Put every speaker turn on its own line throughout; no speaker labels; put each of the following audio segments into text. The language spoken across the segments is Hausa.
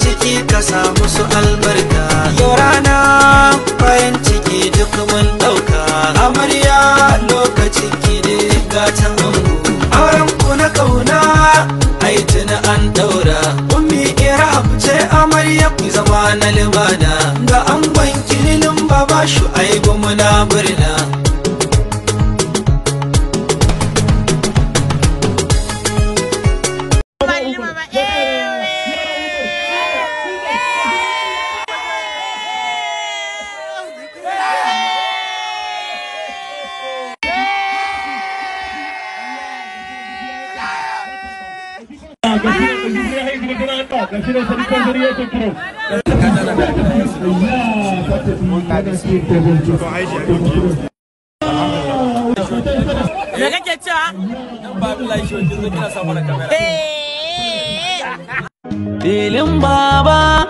ciki ka samu su albarka yau rana bayan ciki duk mun dauka amarya lokacin ki ga ta ango auren ku na kauna ai tuna an daura ummi ira ce amarya ku zama na libana ga angon kilin baba shu ai muna Me eh. Filin baba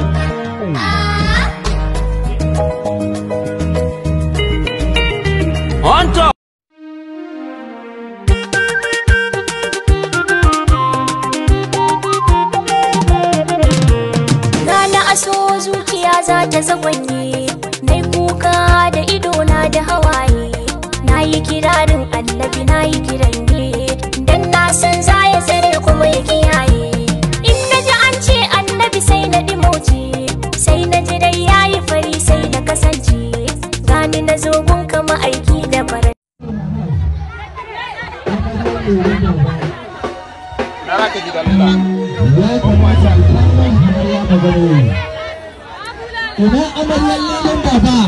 ta zagonye na kuka da ido na da hawaye na yi kirarin allabi na yi kiran dan na san za ya tsare kuma ya kiyaye in na ji an ce annabi sai na ɗi sai na ji dai ya yi fari sai na kasance gani na zogon kama aiki da bara Thank you. ina amaryar lalin baba